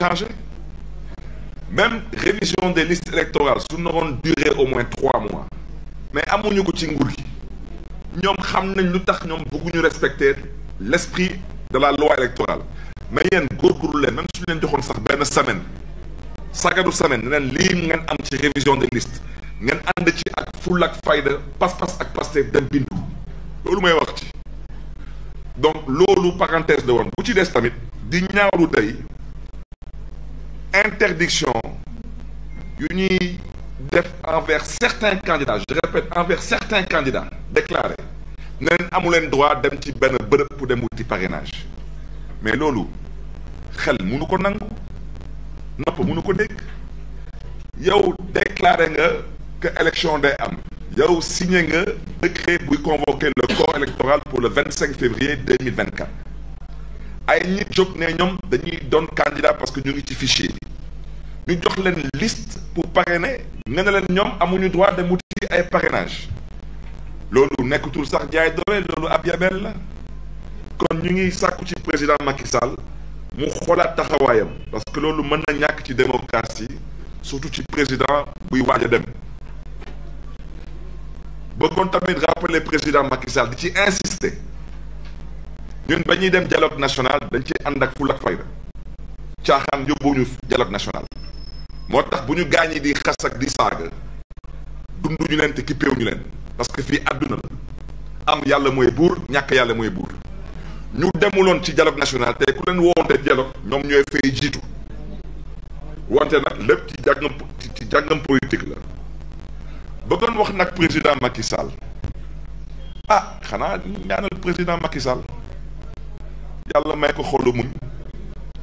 changé même révision des listes électorales su naroon durer au moins trois mois mais amuñu ko ci nguur gi ñoom xam nañ lu tax ñoom bëgguñu respecter l'esprit de la loi électorale mais yéen góorgóorlu leen même suñu leen joxoon sax benn semaine sagadu semaine ne leen lii ngeen am ci révision de listes ngeen ànd ci ak full ak fayda pas-pas ak Pastef dem bindu loolu may wax ci donc loolu parenthèse de woon bu ci des tamit di ñaawlu tey interdiction yu ñuy def envers certains candidats je répète envers certains candidats déclarés ne leen amu leen droit dem ci benn bërëb pour dem wuti parrainage mais loolu xel munu ko nangu nopp munu ko dégg yow déclaré nga que élection day am yow signé nga décret buy convoquer le corps électoral pour le 25 février 2024 ay nit jóg ne ñoom dañuy doon candidat parce que ñu ngi ci fichier ñu jox leen liste pour parrainer nga ne leen ñoom amuñu droit dem wuti ay parrainage loolu nekkatul sax jaay doole loolu ab yabel la kon ñu ngi sàkku ci président Macky Sall mu xoolaat taxawaayam parce que loolu mën na ñàkk ci démocratie surtout ci président buy waaj a dem bëggoon tamit rappeler président Macky Sall di ci insister ñun ba ñuy dem dialogue national dañ ci ànd ak ful ak fayda caaxaan yóbbuñu dialogue national moo tax bu ñu gaañ gaañi di xas ak di saaga ñu leen te kippéew ñu leen parce que fii àdduna la am yàlla mooy buur ñàkk yàlla mooy buur ñu demuloon ci dialogue national te ku leen woonte dialogue ñoom ñooy fay jiitu wante nag lépp ci jàngam ci jàngam politique la bëggoon wax nag président Macky Sall ah xanaa ñaanal président Macky Sall yàlla may ko xolu muñ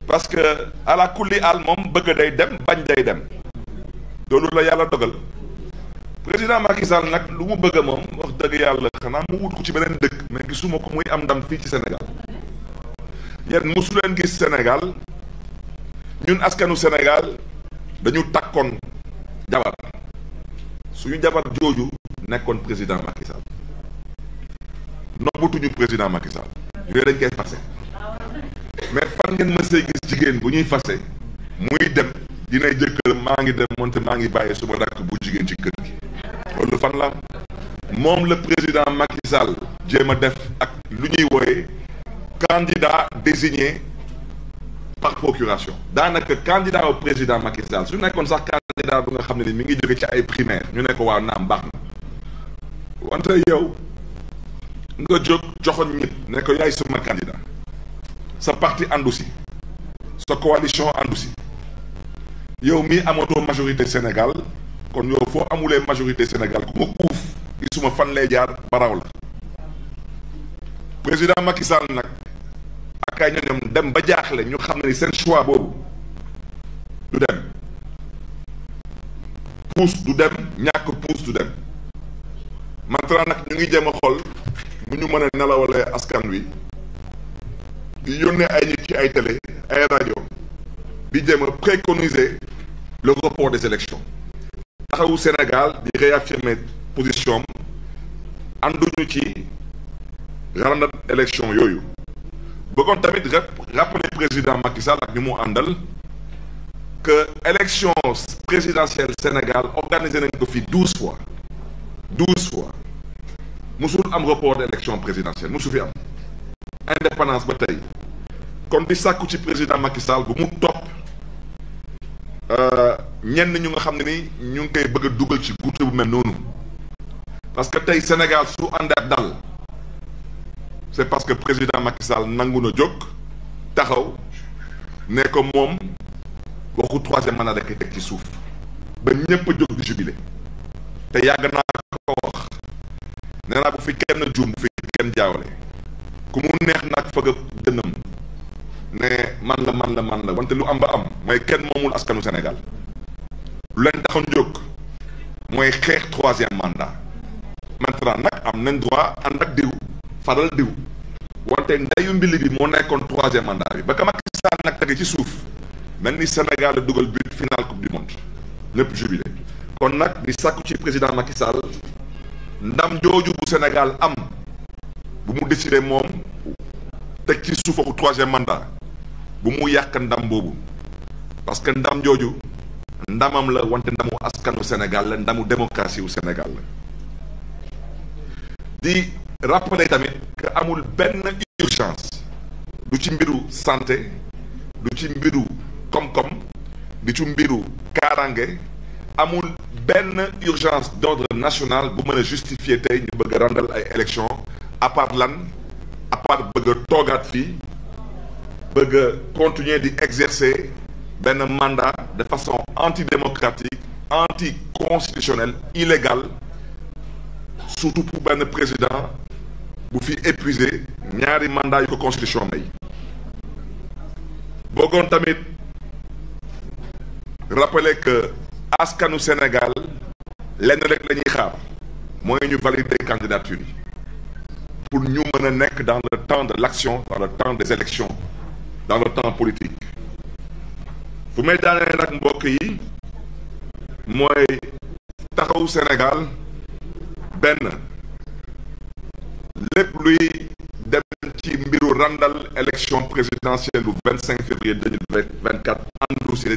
parce que ala kulli al moom bëgg day dem bañ day dem loolu la yàlla dogal président Macky Sall nag lu mu bëgg moom wax dëgg yàlla xanaa mu wut ci beneen dëkk mais gisuma ko muy am ndam fii ci Sénégal ñeen mosu leen gis Sénégal ñun askanu Sénégal dañu takkoon jabar suñu jabar jooju nekkoon président Macky Sall nobbutuñu président Macky Sall yooyu dañ koy passé ngeen mësee gis jigéen bu ñuy fase muy dem dina jëkkër maa ngi dem moonte maa ngi bàyyi suma rakk bu jigéen ci kër gi loolu fan la moom la président Macky Sall a def ak lu ñuy wooyee candidat désigné par procuration daanaka candidat au président Macky Sall su nekkoon sax candidat bu nga xam ne ni mi ngi jóge ci ay primaire ñu ne ko waaw naam baax na wante yow nga jóg joxoon ñit ne yaay sama candidat sa parti àndu si sa coalition àndu si yow mii amatoo majorité Sénégal kon yow foo amulee majorité Sénégal ku ma uuf gisuma fan lay jaar baraw la président Macky Sall nag ak ay ñoñom dem ba jaaxle ñu xam ne ni seen choix boobu du dem puus du dem ñàkk puus du dem maintenant nag ñu ngi jéem a xool mu ñu mën a nelawalee askan wi di yónnee ay nit ci ay télé ay rajo di jéem a préconiser le report des élections taxawu Sénégal di réaffirmer position am ànduñu ci randat élection yooyu bëggoon tamit rappeler président Macky Sall ak ñu mu àndal que élection présidentielle Sénégal organisé nañ ko fi douze fois douze fois musul am report d'élection présidentielle musu fi am indépendance ba tey kon di sàkku ci président Macky Sall bu mu topp euh, ñenn ñu nga xam ne ni ñu ngi koy bëgg a dugal ci guute bu mel noonu parce que tey Sénégal su àndaat dal c'est parce que président Macky Sall nangu na jóg taxaw ne ko moom waxu troisième mandat a koy teg ci suuf ba ñépp a jóg di jubilé te yàgg naa ko wax nee naa bu fi kenn juum bu fi kenn jaawale ku mu neex nag fëgg ak dënnam ne man la man la man la wante lu am ba am mooy kenn moomul askanu Sénégal lu leen taxoon jóg mooy xeex troisième mandat maintenant nag am nañ droit ànd ak diw faral diw wante ndayu mbili bi moo nekkoon troisième mandat bi ba ka Macky Sall nag tege ci suuf mel ni Sénégal dugal but final coupe du monde ñëpp jubilé kon nag di sàkku ci président Macky ndam jooju bu Sénégal am bu mu décidé moom teg ci suufaxu troisième mandat bu mu yàq ndam boobu parce que ndam jooju ndamam la wante ndamu askanu Sénégal la ndamu démocratie wu Sénégal la di rappeler tamit que amul benn urgence du ci mbiru santé du ci mbiru koom-koom du ci mbiru kaaraange amul benn urgence d'ordre national bu mën a tey ñu bëgg a ay élections à part lan à part bëgg a toogaat fii bëgg a continuer di exercer benn mandat de façon antidémocratique anticonstitutionnelle illégale surtout pour benn président bu fi épuisé ñaari mandat yu ko constitution may bëggoon tamit rappeler que askanu Sénégal lenn rek la ñuy xaar mooy ñu valider candidature yi pour ñu mën nekk dans le temps de l'action dans le temps des élections dans le temps politique fu may daanee nag mbokk yi mooy taxawu Sénégal benn lépp luy dem ci mbiru randal élection présidentielle bu cinq février deux mille vingt quatre àndu si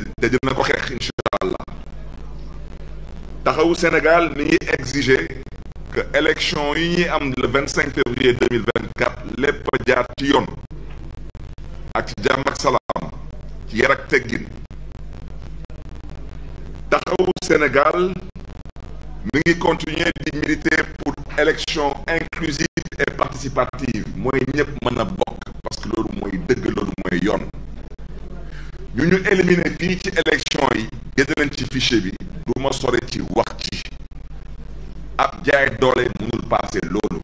te Sénégal mi ngi que élection yi ñuy am le vingt cinq février deux mille vingt quatre lépp a jaar ci yoon ak ci jàmm ak salaam ci yar ak teggin taxawu Sénégal mi ngi continuer di militer pour élection inclusive et participative mooy ñëpp mën a bokk parce que loolu mooy dëgg loolu mooy yoon ñu ñu éliminer fii ci élection yi génn ci fichier bi du ma seen doole mënul passé loolu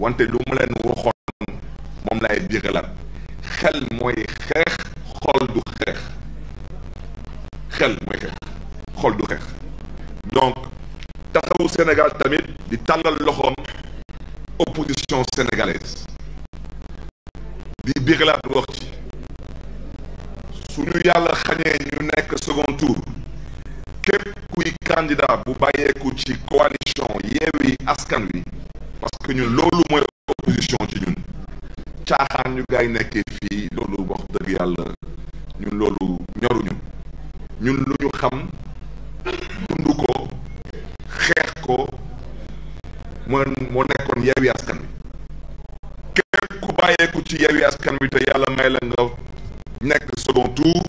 wante lu ma leen waxoon moom laay biiralaat xel mooy xeex xol du xeex donc taxawu Sénégal tamit di tàllal loxoom opposition sénégalaise di biiralaat wax ci suñu yàlla xañee ñu nekk second tour képp candidat bu bàyyeeku ci coalition Yewwi Askan Wi parce que ñu loolu mooy opposition ci ñun caaxaan ñu gaay nekkee fii loolu wax dëgg yàlla ñun loolu ñoruñu ñun lu ñu xam dund ko xeex ko moo moo nekkoon Yewwi Askan Wi képp ku bàyyeeku ci Yewwi Askan Wi te yàlla may la nga nekk second tour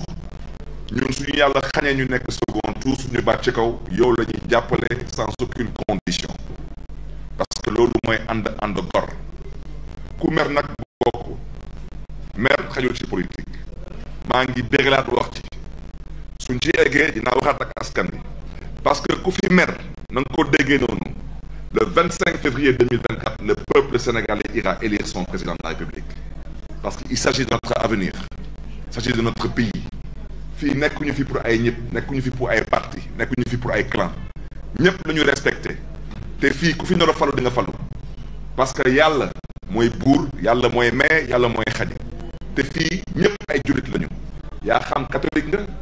ñun suñu yàlla xañee ñu nekk second tour suñu baat ci kaw yow la ñuy jàppale sans aucune condition parce que loolu mooy ànd ànd gor ku mer nag bokk mer xajul ci politique maa ngi déglaat wax su ñu ci eggee dinaa waxaat ak askan bi parce que ku fi mer na nga ko déggee noonu le 25 février 2024 le peuple sénégalais ira élire son président de la République parce que il s'agit de notre avenir il s'agit de notre pays fii nekkuñu fi pour ay ñëpp nekkuñu fi pour ay parti nekkuñu fi pour ay clan ñëpp la ñu respecté te fii ku fi nar a falu di falu parce que yàlla mooy buur yàlla mooy may yàlla mooy xadi te fii ñëpp ay jullit lañu yaa xam catholique nga